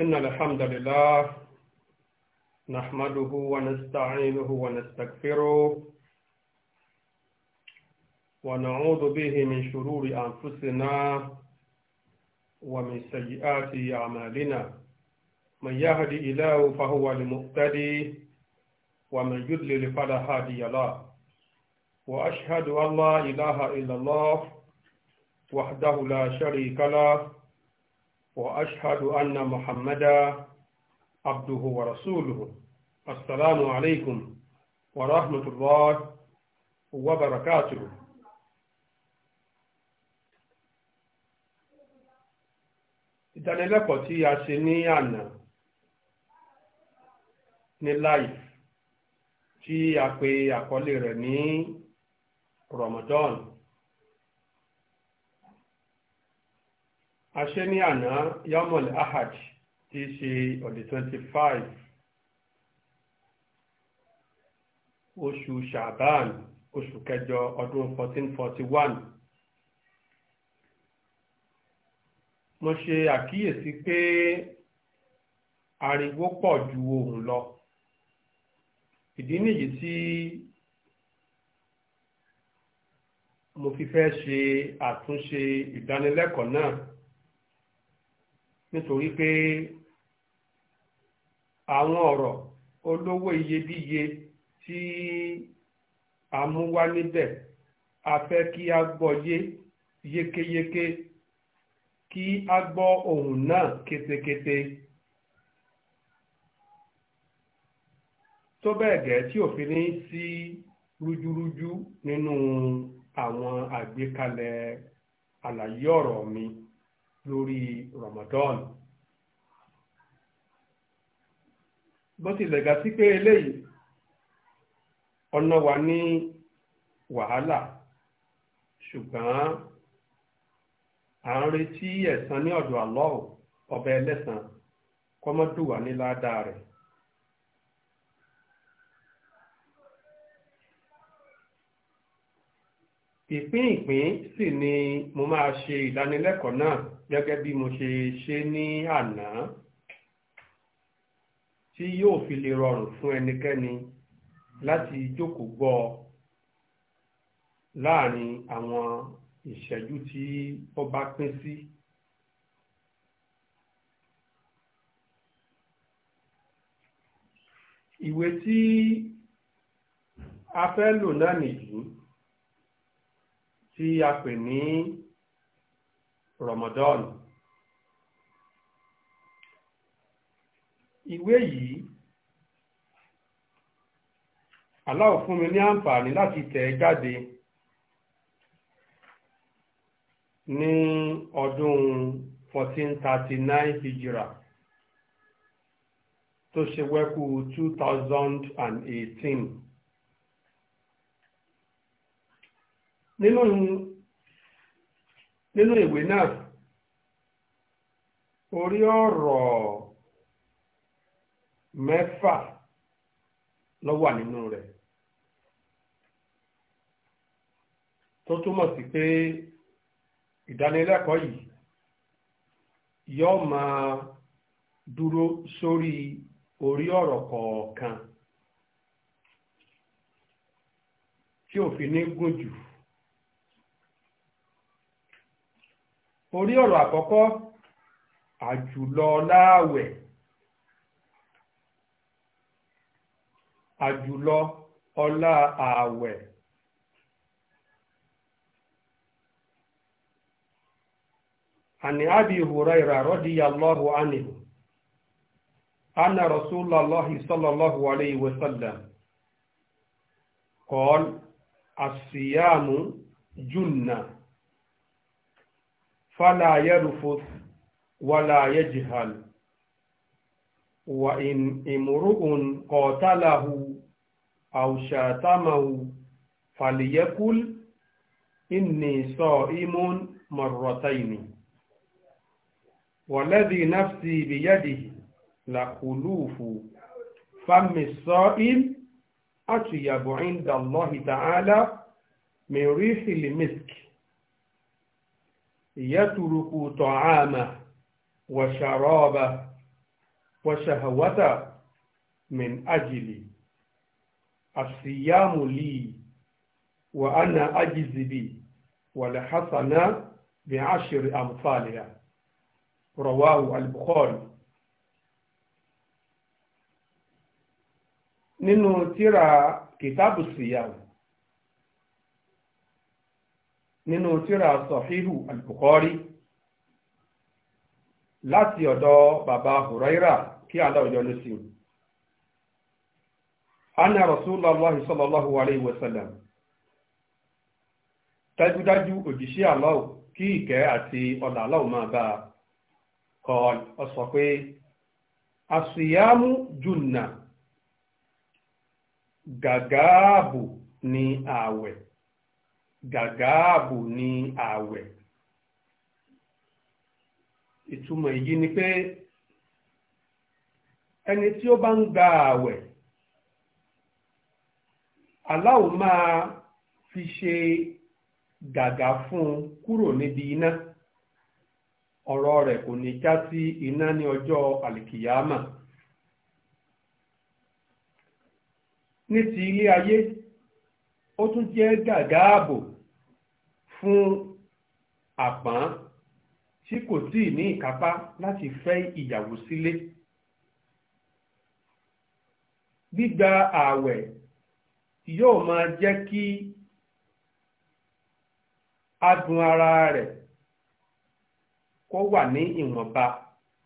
إن الحمد لله نحمده ونستعينه ونستغفره ونعوذ به من شرور أنفسنا ومن سيئات أعمالنا من يهدي إله فهو المهتدي ومن يضلل فلا هادي له وأشهد أن لا إله إلا الله وحده لا شريك له وأشهد أن محمدا عبده ورسوله السلام عليكم ورحمة الله وبركاته ìdánilẹ́kọ̀ọ́ tí a ṣe ní àná ní live tí a pè àkọlé rẹ̀ ní Ramadan aṣẹ́ ní àná yamul ahad tí í ṣe ọ̀dẹ̀ 25 oṣù shaban oṣù kẹjọ ọdún 1441 mo ṣe àkíyèsí pé ariwo pọ̀ ju ohùn lọ ìdí nìyí tí mo fi fẹ́ ṣe àtúnṣe ìdánilẹ́kọ̀ọ́ náà nítorí pé àwọn ọ̀rọ̀ olówó iyebíye tí a mú wá níbẹ̀ a fẹ́ kí a gbọ́ yé yékéyéké kí a gbọ́ ohùn náà kétékété tó bẹ́ẹ̀ gẹ́ tí òfin ní sí rújúrújú nínú àwọn àgbékalẹ̀ àlàyé ọ̀rọ̀ mi lórí Ramadan bó tilẹ̀ ga sí pé eléyìí ọ̀nà wa ní wàhálà ṣùgbọ́n à ń retí ẹ̀san ní ọ̀dọ̀ Allah ọba ẹlẹ́san kọ́mọ́dùwà ní ládàá rẹ̀. ìpín ìpín sì ni mo máa ṣe ìdánilẹ́kọ̀ọ́ náà gẹ́gẹ́ bí mo ṣe ṣe ní àná tí yóò fi lè rọrùn fún ẹnikẹ́ni láti jókòó gbọ́ láàrin àwọn ìṣẹ́jú tí ó bá pín sí. ìwé tí a fẹ́ lò náà nìyí tí a pè ní. Ramadan ìwé yìí aláwọ̀ fún mi ní àǹfààní láti tẹ̀ jáde ní ọdún 1439 hijira tó ṣe wẹ́kú 2018 nínú nínú ìwé náà orí ọ̀rọ̀ mẹ́fà ló wà nínú rẹ̀ tó túmọ̀ sí pé ìdánilẹ́kọ̀ọ́ yìí yóò máa dúró sórí orí ọ̀rọ̀ kọ̀ọ̀kan tí òfin ní gùn jù. orí ọ̀rọ̀ àkọ́kọ́ àjùlọ láàwẹ̀ àjùlọ ọlá ààwẹ̀. عن أبي هريرة رضي الله عنه أن رسول الله صلى الله عليه وسلم قال الصيام جنة فلا يرفث ولا يجهل وإن امرؤ قاتله أو شاتمه فليقل إني صائم مرتين والذي نفسي بيده لخلوف فم الصائم أطيب عند الله تعالى من ريح المسك يترك طعامه وشرابه وشهوته من أجلي الصيام لي وأنا اجز به والحسنة بعشر أمثالها رواه البخاري ننو ترى كتاب الصيام nínú tírà sọ̀híhù al-Bukhari láti ọ̀dọ̀ bàbá Huraira kí Allah yọ́nú sí i anna rasulallah sallallahu alayhi wa sallam dájúdájú kí ìkẹ́ àti ọlà Allah máa bá a kọ ọ sọ pé àṣìyàmú jùnà gàgáàbù ni ààwẹ̀ gàgáàbù ni ààwẹ̀ ìtumọ̀ èyí ni pé ẹni tí ó bá ń gba ààwẹ̀ aláwo máa fi ṣe gàgà fún un kúrò níbi iná ọ̀rọ̀ rẹ̀ kò ní já sí iná ní ọjọ́ àlìkìyámà ní ti ilé ayé ó tún jẹ́ gàgà ààbò fún àpọ́n tí kò tíì ní ìkápá láti fẹ́ ìyàwó sílé gbígba ààwẹ̀ yóò máa jẹ́ kí adùn ara rẹ̀ kó wà ní ìwọ̀nba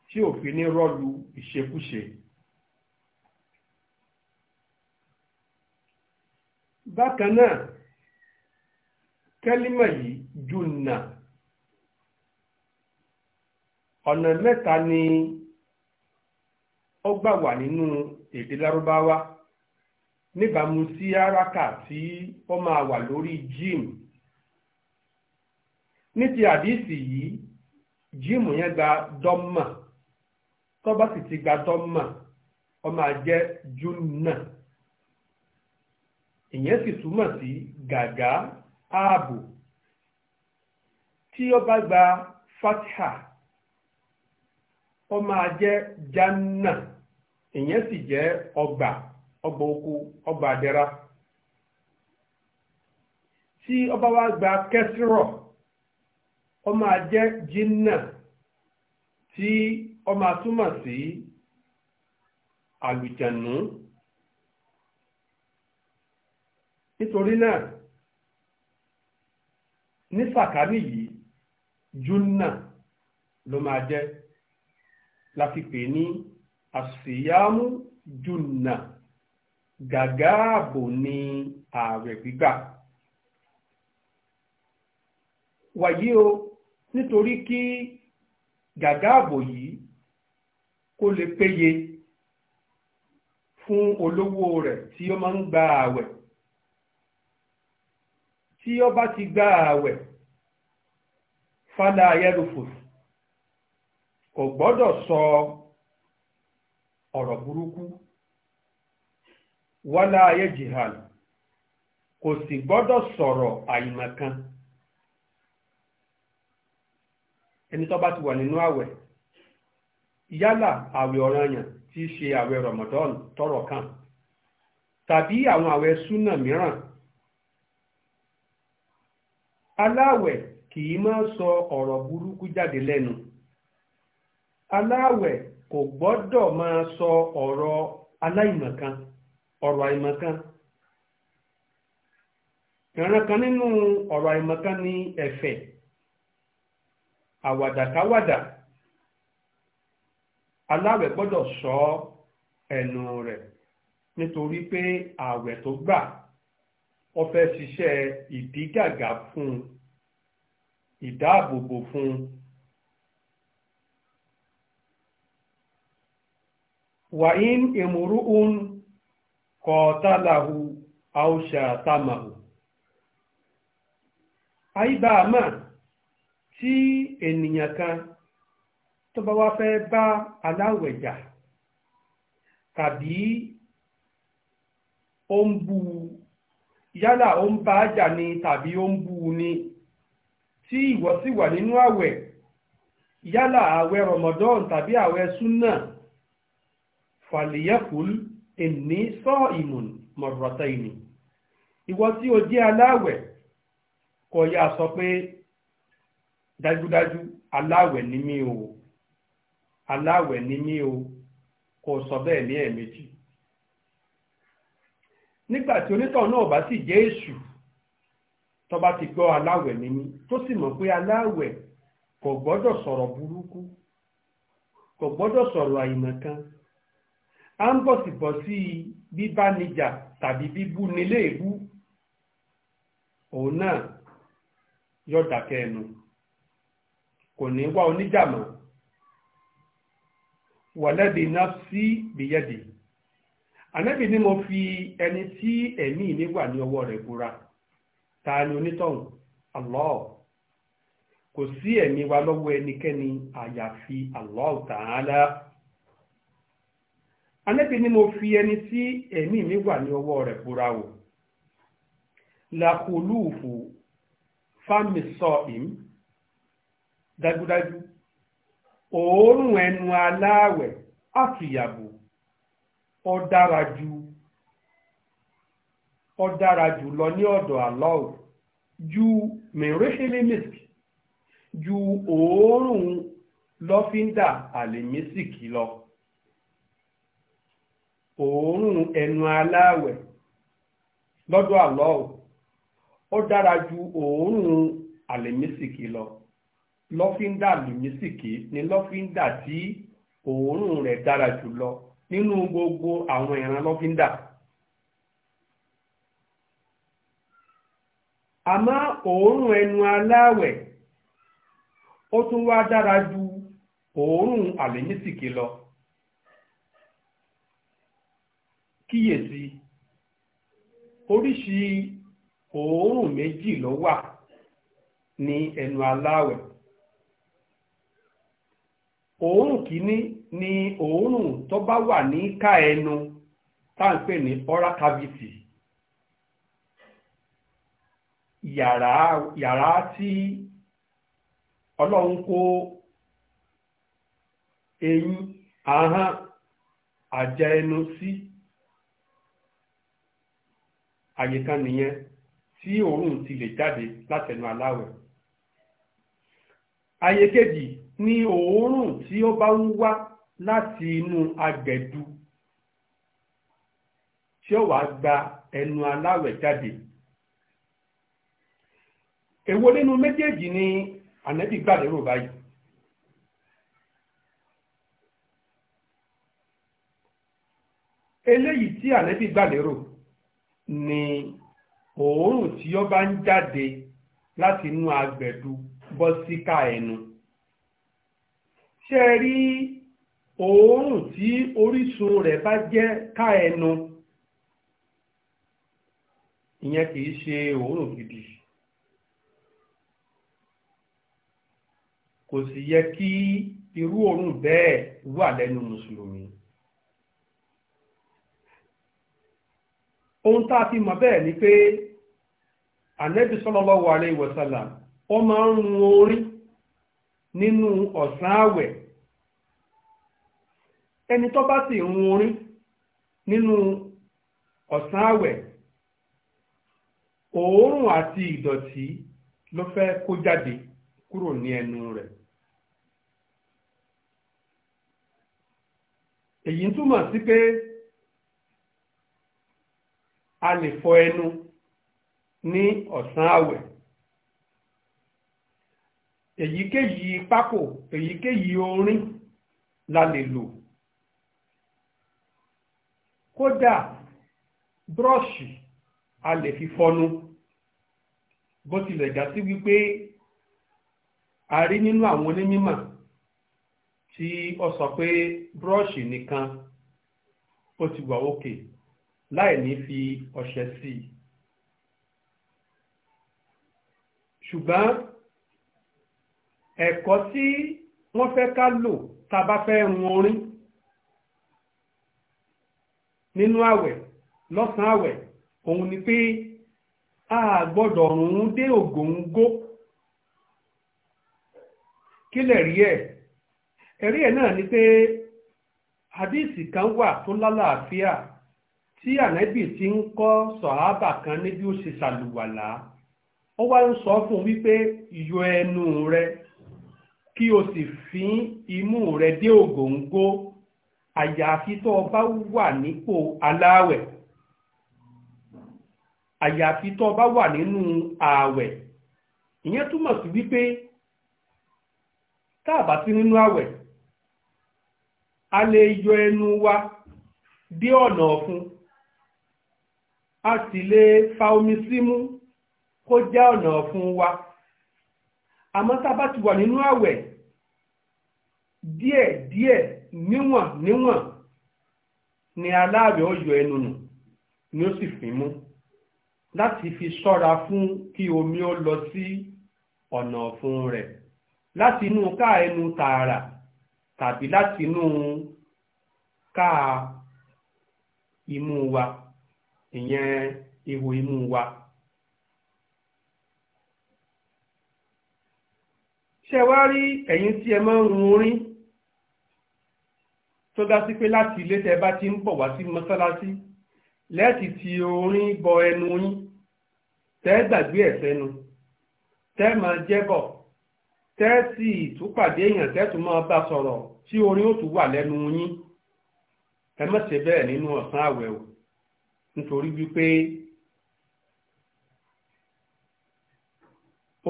tí ò fi ní rọ́lu ìṣekúṣe. bákan náà kẹ́límà yìí jùnà ọ̀nà mẹ́ta ni ó gbà wà nínú èdè lárúbáwá níbàámu sí áràkà tí ó máa wà lórí jim ní ti àdísì yìí jim yẹn gba dọ́mà tó sì ti gba dọ́mà ó máa jẹ́ jùnà ìyẹn sì túmọ̀ sí gàgá ààbò tí ó bá gba fatiha ó máa jẹ́ janna ìyẹn sì jẹ ọgbà ọgbà oko ọgbà àdẹ́ra tí ó bá wá gba kẹsìrọ̀ ó máa jẹ́ jinna tí ó máa túmọ̀ sí àlùjànnú nítorí náà ní sàkání yìí júnà ló máa jẹ́ láti pè ní àṣìyámú júnà gàgáàbò ní ààwẹ̀ gbígbà wàyí o nítorí kí gàgáàbò yìí kó lè péye fún olówó rẹ̀ tí ó máa ń gba ààwẹ̀ tí ó bá ti gba ààwẹ̀ fada ayẹ́rùfòs kò gbọ́dọ̀ sọ ọ̀rọ̀ burúkú wálá ayé jihad kò sì gbọ́dọ̀ sọ̀rọ̀ àìmọ̀kan ẹni tó bá ti wà nínú ààwẹ̀ yálà ààwẹ̀ ọ̀ranyàn tí í ṣe ààwẹ̀ Ramadan tọrọ kan tàbí àwọn ààwẹ̀ súnà mìíràn aláwẹ̀ kì í máa sọ ọ̀rọ̀ burúkú jáde lẹ́nu aláwẹ̀ kò gbọ́dọ̀ máa sọ ọ̀rọ̀ aláìmọ̀kan ọ̀rọ̀ àìmọ̀kan ìran kan nínú ọ̀rọ̀ àìmọ̀kan ni ẹ̀fẹ̀ àwàdàkáwàdà aláwẹ̀ gbọ́dọ̀ sọ ẹ̀nu rẹ̀ nítorí pé ààwẹ̀ tó gbà ó fẹ́ ṣiṣẹ́ ìdígàgá fún un ìdáàbòbò fún un. wàyín ìmúrúhùn kọ̀ọ̀tàláhù àwòṣà tàmàhù. àìbáàmà tí ènìyàn kan tó bá wá fẹ́ bá aláwẹ̀jà tàbí ó ń bu yálà ó ń bá a jà ni tàbí ó ń bú ni tí ìwọ sì wà nínú àwẹ̀ yálà àwẹ̀ Ramadan tàbí àwẹ̀ súnà fàlìyẹ́kùl inni sa'imun marrataini ìwọ tí o jẹ́ aláwẹ̀ kò yá sọ pé dájúdájú aláwẹ̀ ni mí o aláwẹ̀ ni mí o kò sọ bẹ́ẹ̀ ní ẹ̀ẹ̀mejì nígbà tí onítọ̀ náà bá sì jẹ́ èṣù tó bá ti gbọ́ aláwẹ̀ níní tó sì mọ̀ pé aláwẹ̀ kò gbọ́dọ̀ sọ̀rọ̀ burúkú kò gbọ́dọ̀ sọ̀rọ̀ àìmọ̀kan à ń bọ̀sibọ̀sí bíbánijà tàbí bíbú nílé ìbú òun náà yọ̀dà kẹnu kò ní wá oníjàmọ̀ wọ̀lẹ́bí náà sí bìyẹ́dì. ànábì ni mo fi ẹni tí ẹ̀mí mi wà ní ọwọ́ rẹ̀ búra ta ni onítọ̀hún Allah kò sí ẹ̀mí wa lọ́wọ́ ẹnikẹ́ni àyàfi Allah Ta'ala ànábì ni mo fi ẹni tí ẹ̀mí mi wà ní ọwọ́ rẹ̀ búra o làkùlùfù fámi ìm dájúdájú òórùn ẹnu aláàwẹ̀ àfìyàbò ọ dára jù lọ ní ọ̀dọ̀ Allah ju mẹ̀rẹ́ṣẹ́lẹ́ ju oorun lọ́fíńdà àlèmísìkì lọ oorun ẹnu aláwẹ̀ lọ́dọ̀ Allah ó dára ju oorun àlèmísìkì lọ lọ́fíńdà àlèmísìkì ni lọ́fíńdà tí oorun rẹ̀ dára jù lọ nínú gbogbo àwọn ìran lọ́fíńdà àmọ́ òórùn ẹnu aláwẹ̀ ó tún wá dára ju òórùn àlẹ́mísìkì lọ kíyèsí oríṣi òórùn méjì ló wà ní ẹnu aláwẹ̀ òórùn kìíní ni òórùn tó bá wà ní ká ẹnu tá n pè ní oral cavity yàrá yàrá tí ọlọ́run kó eyín àjẹ ẹnu sí àyè kan nìyẹn tí òórùn ti lè jáde látẹnu aláwẹ̀ àyè ni òórùn tí ó bá ń wá láti inú agbẹ̀dú tí ó wàá gba ẹnu aláwẹ̀ jáde èwo nínú méjèèjì ni ànẹ́bí gbàlérò báyìí eléyìí tí ànẹ́bí gbàlérò ni òórùn tí ó bá ń jáde láti inú agbẹ̀dú bọ́ síká ẹnu ṣe rí òórùn tí orísun rẹ̀ bá jẹ́ ká ẹnu ìyẹn kìí ṣe òórùn gidi kò sì yẹ kí irú òórùn bẹ́ẹ̀ wà lẹ́nu mùsùlùmí ohun tá a fi mọ̀ bẹ́ẹ̀ ni pé ànẹ́bí sallallahu alaihi wasallam ọ ma ń rún orí nínú ọ̀sán àwẹ̀ ẹni tó bá sì nínú ọ̀sán àwẹ̀ òórùn àti ìdọ̀tí ló fẹ́ kó jáde kúrò ní ẹnu rẹ̀ èyí ń túmọ̀ sí pé a lè fọ ẹnu ní ọ̀sán àwẹ̀ èyíkéyìí pákò èyíkéyìí orin la lè lò kódà búrọ́ọ̀ṣì a lè fi fọnu bó tilẹ̀ já sí wípé a rí nínú àwọn onímọ̀ tí ó sọ pé búrọ́ọ̀ṣì nìkan ó ti wà òkè láì ní fi ọṣẹ sí i ṣùgbọ́n ẹ̀kọ́ tí wọ́n fẹ́ ká lò tá bá fẹ́ rún orin nínú àwẹ̀ lọ́sàn àwẹ̀ òun ni pé a gbọ́dọ̀ rún dé ògóńgó kílẹ̀ rí ẹ̀ ẹ̀rí ẹ̀ náà ni pé kan wà tó lálàáfíà tí ànábì ti ń kọ́ kan níbi ó ṣe ó wá fún wípé yọ ẹnu rẹ kí o sì fi imú rẹ dé ògòǹgó àyàfi tó o bá wà nípò aláàwẹ̀ àyàfi tó o bá wà nínú ààwẹ̀ ìyẹn túmọ̀ sí wípé tá a bá sí nínú ààwẹ̀ a lè yọ ẹnu wa dé ọ̀nà ọ̀fun a sì lè fa omi símú kó já ọ̀nà ọ̀fun wa àmọ́ tá a bá ti wà nínú àwẹ̀ díẹ̀ díẹ̀ níwọ̀n níwọ̀n ni aláàwẹ̀ ọyọ ẹnu nù ni ó sì fi mú láti fi ṣọ́ra fún kí omi ó lọ sí ọ̀nà ọ̀fun rẹ̀ láti inú ká ẹnu tààrà tàbí láti inú ká imú wa ìyẹn ihò imú wa. ṣe wá rí ẹ̀yin tí ẹ máa ń run orin tó dá sí pé láti ilé tẹ bá ti ń bọ̀ wá sí mọ́sálásí lẹ́ẹ̀tì ti orin bọ ẹnu yín tẹ́ gbàgbé ẹ̀ sẹ́nu tẹ́ máa jẹ́bọ̀ tẹ́ sì túpàdé èèyàn tẹ́ tún máa bá sọ̀rọ̀ tí orin ó tún wà lẹ́nu yín ẹ má ṣe bẹ́ẹ̀ nínú ọ̀sán àwẹ̀ o nítorí wípé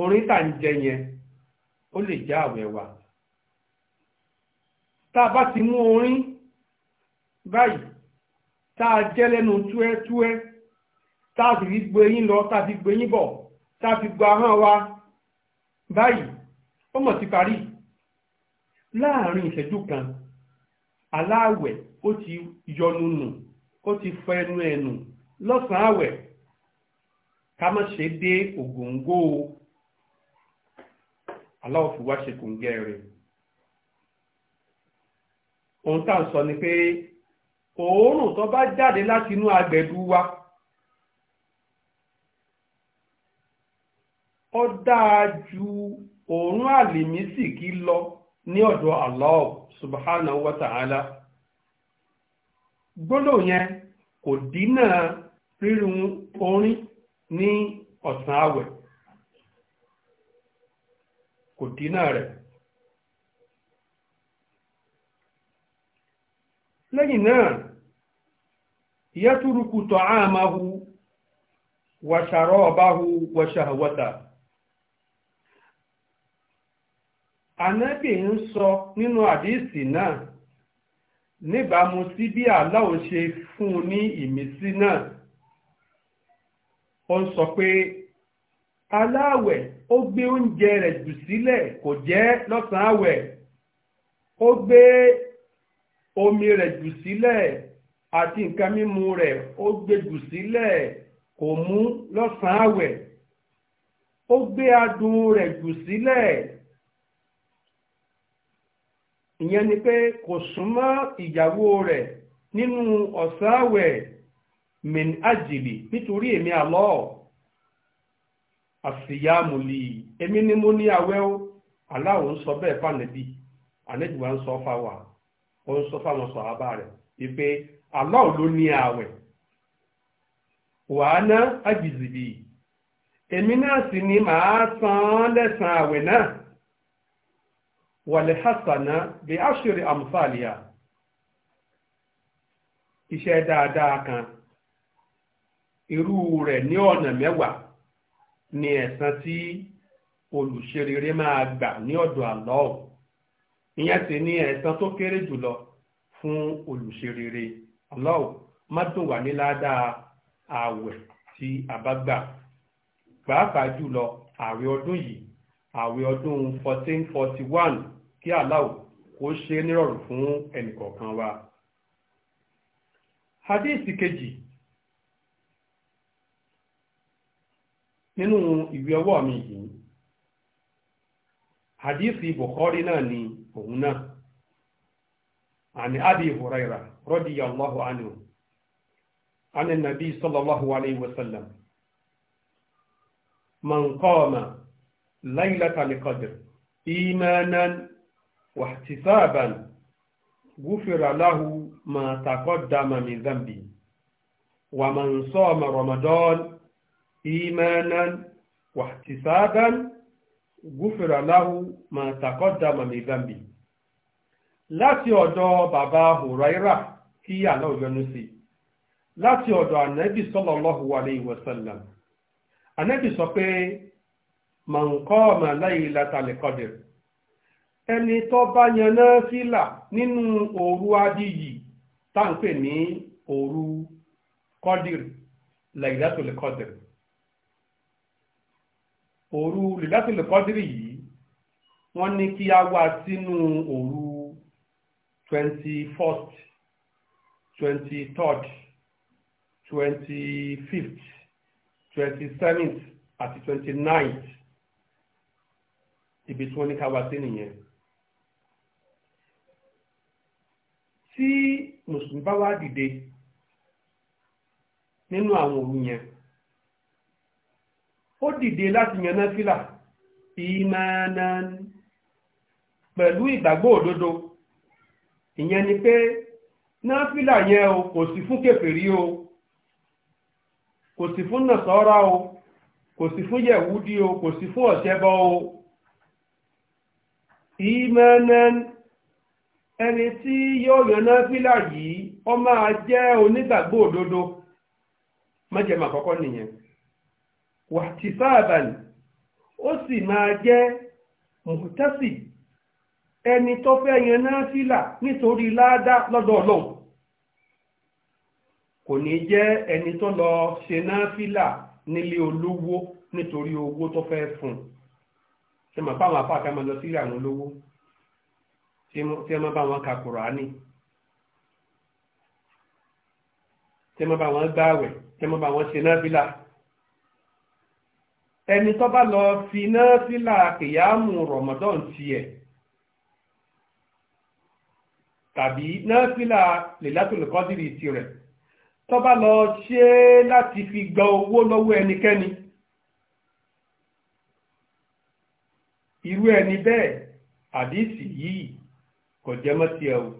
orin tà ń jẹ yẹn ó lè já àwẹ̀ wa tá a bá ti mú orin báyìí tá a jẹ́ lẹ́nu túẹ́túẹ́ tá a sì fi gbé yín lọ tá a fi gbé yín bọ̀ tá a fi gba ahọ́n wa báyìí ó mọ̀ ti parí láàrin ìṣẹ́jú kan aláàwẹ̀ ó ti yọnu nù ó ti fọ ẹnu ẹnu lọ́sàn-án àwẹ̀ ká má ṣe dé ògóńgó o. aláwọ̀ fi wá ṣe kòǹgẹ́ rẹ̀ ohun tá à ń sọ ni pé òórùn tó bá jáde láti inú agbẹ̀dú wa ó dáa ju òórùn àlìmísìkí lọ ní ọ̀dọ̀ Allah Subahana wa ta'ala Gbolo yẹn kò dínà rírun orin ní ọ̀sán àwẹ̀ kò dínà rẹ̀ lẹ́yìn náà yẹ́tùrùkù tọ́ àmàhù wàṣàrọ̀ ọ̀báhù wàṣàwọ́ta Ànábì ń sọ nínú àdíìsì náà níbàámu sí bí aláwo ṣe fún un ní ìmísí náà ó ń sọ pé aláàwẹ̀ ó gbé oúnjẹ rẹ̀ jù sílẹ̀ kò jẹ́ lọ́sàn ó gbé omi rẹ̀ jù sílẹ̀ àti nǹkan mímu rẹ̀ ó gbé jù sílẹ̀ kò mú lọ́sàn ó gbé adùn rẹ̀ jù sílẹ̀ ìyẹn ni pé kò súnmọ́ ìyàwó rẹ̀ nínú àṣìyàmù lì emi ni mo ní awẹ́ aláwo ń sọ wa ń sọ fáwa ó ń sọ fáwọn sọ̀hábà rẹ̀ wípé aláwo ló ní àwẹ̀ wàá ná àjìzì bì èmi náà sì ni màá san án lẹ́sàn àwẹ̀ náà wàlẹ̀ hasana bí aṣèrè àmúfàlìyà iṣẹ́ dáadáa kan irú rẹ̀ ní ọ̀nà mẹ́wàá ni ẹ̀san tí olùṣerere máa gbà ní ọ̀dọ̀ Allah ìyẹn sì ni ẹ̀san tó kéré jùlọ fún olùṣerere Allah má dùn wá ní ládàá ààwẹ̀ tí a bá gbà pàápàá jùlọ ààwẹ̀ ọdún yìí ààwẹ̀ ọdún 1441 kí Allah kó ṣe nírọ̀rùn fún ẹnìkọ̀ọ̀kan wa. hadith kejì nínú ìwé ọwọ́ mi yìí hadithi bukhari náà ni òun náà àni abi huraira radiyallahu anhu عن النبي صلى الله عليه وسلم من قام ليلة القدر إيمانا واحتسابا غفر له ما تقدم من ذنبه ومن صام رمضان إيمانا واحتسابا غفر له ما تقدم من ذنبه láti ọ̀dọ̀ bàbá hùráírà kí àlọ́ òjọ́nu sí láti ọ̀dọ̀ ànẹ́bì sallallahu alayhi wa sallam ànẹ́bì sọ pé man qama laylatal qadr ẹni tó bá yẹn náà nínú òru adìyí táǹpẹ̀ ní òru òru lìlátìlì kọ́dírì yìí wọ́n ní kí a wá sínú òru twenty first twenty third twenty fifth twenty seventh àti twenty ninth ibi tí wọ́n ní ká wá sí nìyẹn. tí mùsùlùmí bá wá dìde nínú àwọn òru yẹn ó dìde láti yan náfìlà ìmánan pẹ̀lú ìgbàgbọ́ òdodo ìyẹn ni pé náfìlà yẹn o kò sí fún kèfèrí o kò sí fún nàṣọ́ra o kò sí fún yẹ̀wúdí o kò sí fún ọ̀ṣẹ́bọ o ìmánan ẹni tí yóò yan náfìlà yìí ó máa jẹ́ onígbàgbọ́ òdodo májẹ̀mú àkọ́kọ́ nìyẹn wàtífàbàlì ó sì máa jẹ́ mùtẹ́sì ẹni tó fẹ́ yan náfìlà nítorí láádá lọ́dọ̀ ọlọ́run kò ní jẹ́ ẹni tó lọ ṣe náfìlà nílé olówó nítorí owó tó fẹ́ fún un ṣe mọ̀ fáwọn afáàkà máa lọ sí àwọn olówó tí ẹ máa bá wọn ka Kùránì tí ẹ máa bá wọn gbààwẹ̀ tí ẹ máa bá wọn ṣe náfìlà ẹni tó bá lọ fi náfìlà kìyàmù rọ̀mọ́dọ́n tiẹ̀ tàbí náfìlà lèlátòlùkọ́dìrì tirẹ̀ tó bá lọ ṣe láti fi gba owó lọ́wọ́ ẹnikẹ́ni irú ẹni bẹ́ẹ̀ àdísì yìí kò jẹ́ mọ́ tiẹ̀ o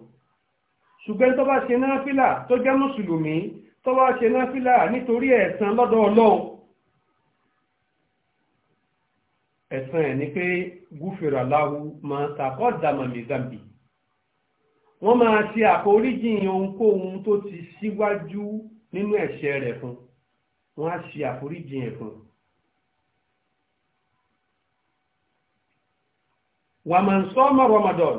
ṣùgbọ́n tó bá ṣe náfìlà tó jẹ́ mùsùlùmí tó bá ṣe náfìlà nítorí ẹ̀san lọ́dọ̀ ọlọ́run ẹ̀san ẹ̀ ni pé gúfèrè aláwo máa tàkọ́ dàmàmì zambi wọ́n máa ṣe àforíjìn ohunkóhun tó ti síwájú nínú ẹ̀ṣẹ̀ rẹ̀ fún wọ́n á ṣe àforíjìn ẹ̀ fún. wà máa ń sọ ọmọ Ramadan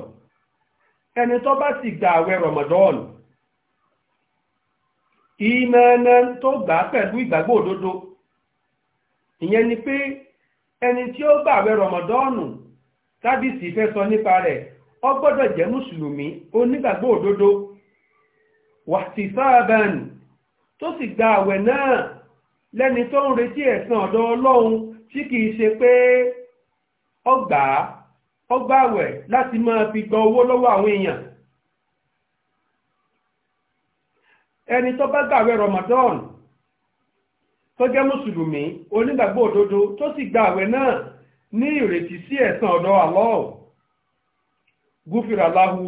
ẹni tó bá sì gba àwẹ̀ Ramadan ìmọ̀ ẹ̀nà tó gbà pẹ̀lú ìgbàgbọ́ òdodo ìyẹn ni pé ẹni tí ó gbà àwẹ̀ rọmọdọ́ọ̀nù tábìsì fẹ́ sọ nípa rẹ̀ ọ gbọ́dọ̀ jẹ́ mùsùlùmí onígbàgbọ́ òdodo tó sì gba àwẹ̀ náà lẹ́ni tó ń retí ẹ̀san ọ̀dọ̀ ọlọ́run tí kìí ṣe pé ọgbà ọgbà fi gba owó lọ́wọ́ àwọn èèyàn ẹni tó bá rọmọdọ́ọ̀nù tó jẹ́ mùsùlùmí onígbàgbọ́ òdodo tó sì gba àwẹ̀ náà ní ìrètí sí ẹ̀san ọ̀dọ̀ Allah gúfìrà láhu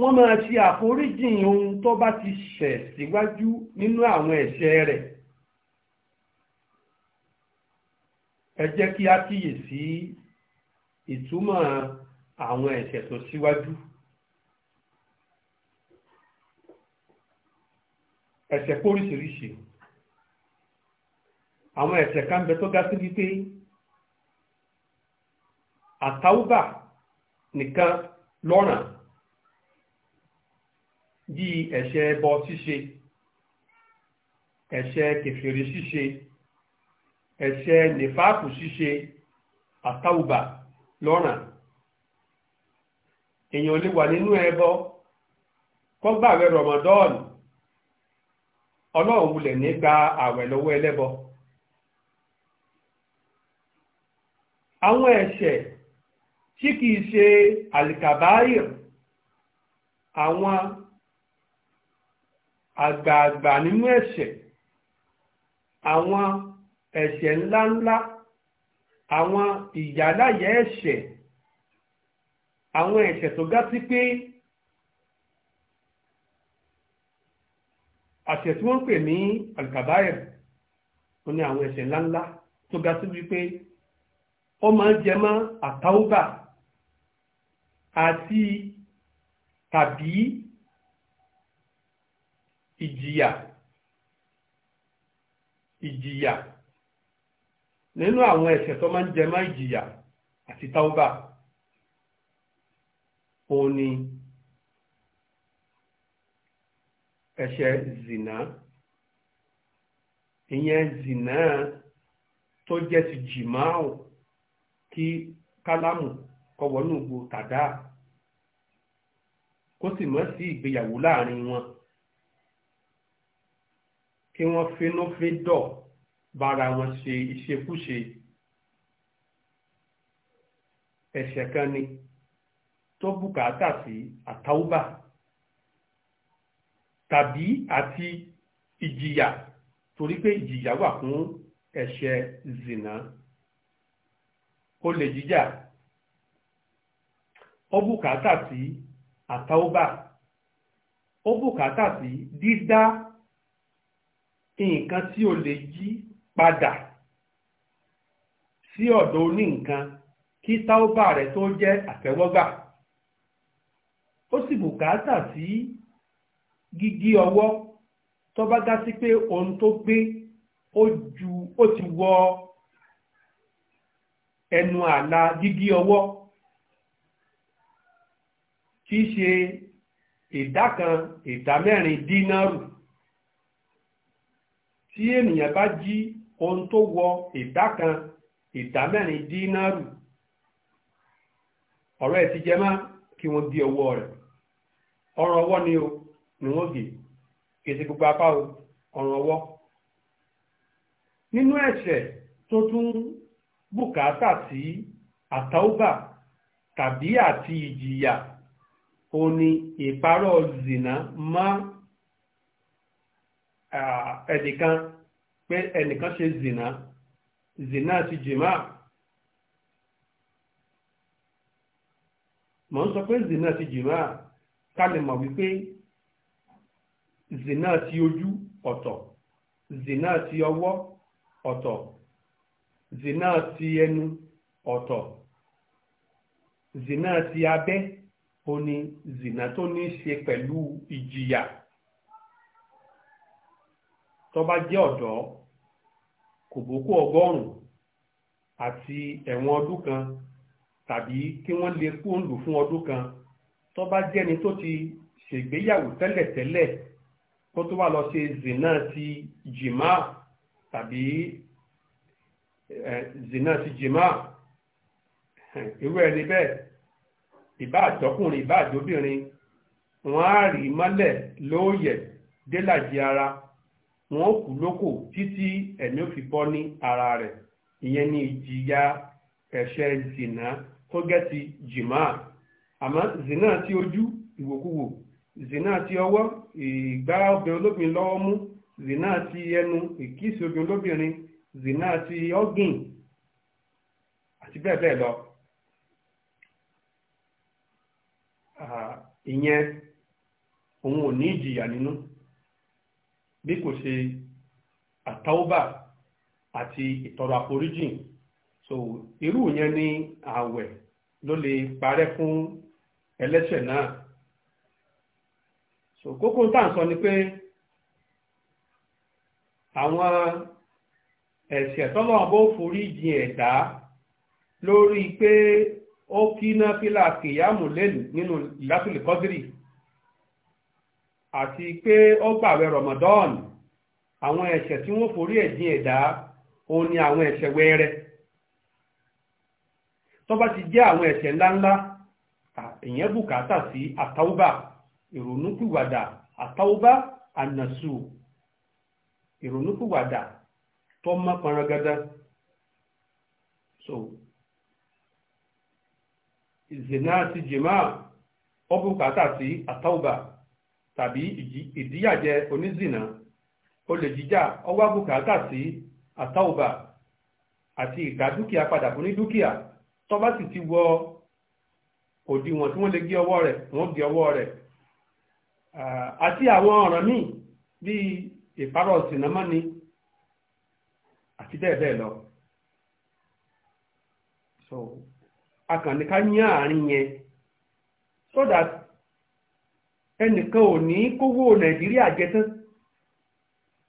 wọ́n máa ṣe àforíjìn ohun tó bá ti ṣẹ̀ síwájú nínú àwọn rẹ̀ ẹ jẹ́ kí á ìtumọ̀ àwọn ẹ̀ṣẹ̀ ẹ̀ṣẹ̀ póríṣiríṣi àwọn ẹ̀ṣẹ̀ kan bẹ tó ga sí wípé àtàwùbà nìkan lọ́ràn bíi ẹ̀ṣẹ̀ ẹbọ ṣíṣe ẹ̀ṣẹ̀ kẹfìrì ṣíṣe ẹ̀ṣẹ̀ nìfàákù ṣíṣe àtàwùbà lọ́ràn èèyàn lè wà nínú ẹbọ kó gbààwẹ̀ rọmọdọ́ọ̀nù ọlọ́run wulẹ̀ ní gba àwẹ̀ lọ́wọ́ ẹlẹ́bọ àwọn ẹ̀ṣẹ̀ tí kìí ṣe alikabair àwọn àgbààgbà nínú ẹ̀ṣẹ̀ àwọn ẹ̀ṣẹ̀ ńláńlá àwọn ìyáláyà ẹ̀ṣẹ̀ àwọn ẹ̀ṣẹ̀ tó gá sí pé àṣẹ tí wọ́n pè ní alkabair ó ní àwọn ẹ̀ṣẹ̀ ńláńlá tó ga sí wípé ó máa ń jẹ mọ́ àtàwùbà àti tàbí ìjìyà ìjìyà nínú àwọn ẹ̀ṣẹ̀ tó máa ń jẹ mọ́ ìjìyà àti tàwùbà òun ni ẹ̀ṣẹ̀ zina, ìyẹn zina, tó jẹ́ ti jìmáàwò kí kálámù kọwọ́nú gbò tàdá kó sì mọ́ sí ìgbéyàwó láàrin wọn kí wọ́n fínúfíndọ̀ bára wọn ṣe ìṣekúṣe ẹ̀ṣẹ̀ kan ni tó bùkátà sí àtàwùbà tàbí àti ìjìyà torí pé ìjìyà wà fún ẹ̀ṣẹ̀ zina olè jíjà ó bùkátà sí àtàwọ́bà ó bùkátà sí dídá nǹkan tí o lè jí padà sí ọ̀dọ̀ oníǹkan kí táwọ́bà rẹ̀ tó jẹ́ àtẹ́wọ́gbà ó sì bùkátà sí gígí ọwọ́ tó bá dá sí pé ohun tó gbé ó ju ó ti wọ ẹnu àlà gígí ọwọ́ kìí í ṣe ìdá kan ìdá mẹ́rin dínárù tí ènìyàn bá jí ohun tó wọ ìdá kan ìdá mẹ́rin dínárù ọ̀rọ̀ ẹ̀ ti jẹ́ má kí wọ́n gé ọwọ́ rẹ̀ ọ̀rọ̀ ọwọ́ ni o. ni wọ́n gé kèsì gbogbo apá ọ̀ràn ọwọ́ nínú ẹ̀ṣẹ̀ tó tún bùkátà sí àtàwùbà tàbí àti ìjìyà ó ní ìparọ́ zìnà mọ́ ẹnìkan pé ẹnìkan ṣe zina zìnà ti jìmá mọ̀ ń sọ pé zìnà ti jìmá ká lè mọ̀ wípé zina ti ojú ọ̀tọ̀ zina ti ọwọ́ ọ̀tọ̀ zina ti ẹnu ọ̀tọ̀ zina ti abẹ́ ó ní zina tó ní í ṣe pẹ̀lú ìjìyà tó bá jẹ́ ọ̀dọ́ kòbókó ọgọ́rùn-ún àti ẹ̀wọ̀n ọdún kan tàbí kí wọ́n lè kóńdù fún ọdún kan tó jẹ́ni tó ti ṣègbéyàwó tẹ́lẹ̀tẹ́lẹ̀ kó tó wà lọ ṣe zina ti jìmá tàbí zina ti jìmá irú ẹni bẹ́ẹ̀ ìbá àjọkùnrin ìbá àjọbìnrin wọ́n á rí mọ́lẹ̀ lóòyẹ̀ délàjì ara wọ́n ó kú lókò títí ẹ̀mí ò fi bọ́ ní ara rẹ̀ ìyẹn ní ìjìyà ẹ̀ṣẹ̀ zina tó gẹ́ ti jìmá àmọ́ zina ti ojú ìwòkúwò zina ti ọwọ́ ìgbá obìnrin olóbìnrin lọ́wọ́ mú zina àti ẹnu ìkísí obìnrin olóbìnrin zina àti ọ́gìn àti bẹ́ẹ̀ bẹ́ẹ̀ lọ. ìyẹn òun ò ní ìjìyà nínú bí kò ṣe àtàwọ́bà so irú yẹn ni ààwẹ̀ ló lè parẹ́ fún ẹlẹ́ṣẹ̀ náà so tá sọ ni pé àwọn ẹsẹ tọ́lọ́wọ́n bó forí ẹ̀dá lórí pé ó kíná fílà kìyàmù lẹ́nu nínú ìlàtúlẹ̀ kọ́dírì àti pé ó gbàwẹ̀ Ramadan àwọn ẹ̀ṣẹ̀ tí wọ́n forí ẹ̀ ẹ̀dá òun ni àwọn ti àwọn ńláńlá ìyẹn ìrònúpìwàdà àtàwọ́bá ànàsù ìrònúpìwàdà tó mọ́ panragada so ìzìnà àti jìmá k'ata sí àtàwọ́bá tàbí ìdíyàjẹ onízìnà olè jíjà ọwọ́ àbùkátà sí àtàwọ́bá àti ìgbà dúkìá padà fún ní dúkìá tó tọba sì ti wọ òdiwọ̀n tí wọ́n lè gé ọwọ́ rẹ̀ Ah, àti àwọn ọ̀ràn míì bíi ìparọ̀ sinamọ́ ni àti bẹ́ẹ̀ bẹ́ẹ̀ so akànníká ní àárín yẹn so that ẹnìkan ò ní kówó nàìjíríà jẹ tán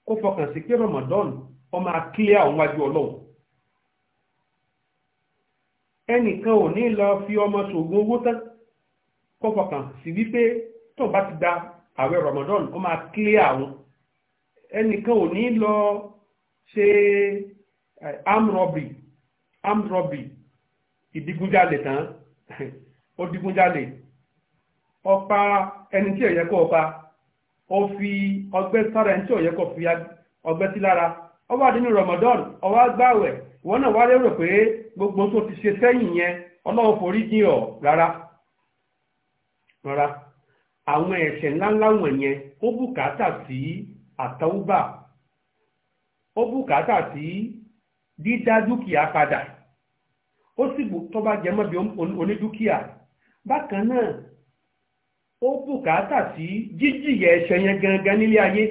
kó fọkàn sí pé Ramadan ọmọ àwọn wájú ọlọ́run ẹnìkan ò fi ọmọ ṣògùn owó tán kó fọkàn sí tó bá ti gba àwẹ̀ Ramadan ó máa clear àwọn ẹnìkan ò ní lọ ṣe eh, arm robbery arm robbery ìdigunjalè tán ó digunjalè ọpa ẹni tí ò yẹ kó ọpa ó fi ọgbẹ́ sára ẹni tí ò yẹ kó fi ọgbẹ́ sí lára ó wà nínú Ramadan ó wá gbààwẹ̀ ìwọ náà wá lérò pé gbogbo tó ti ṣe sẹ́yìn yẹn Ọlọ́run forí jìn ọ́ rárá rárá àwọn ẹ̀ṣẹ̀ ńláńlá wọ̀nyẹn ó bùkátà sí àtọ́wúbà ó bùkátà sí dídá dúkìá padà ó sì tó bá jẹmọ́ bí onídúkìá bákan náà ó bùkátà sí jíjìyà ẹ̀ṣẹ̀ yẹn gangan nílé ayé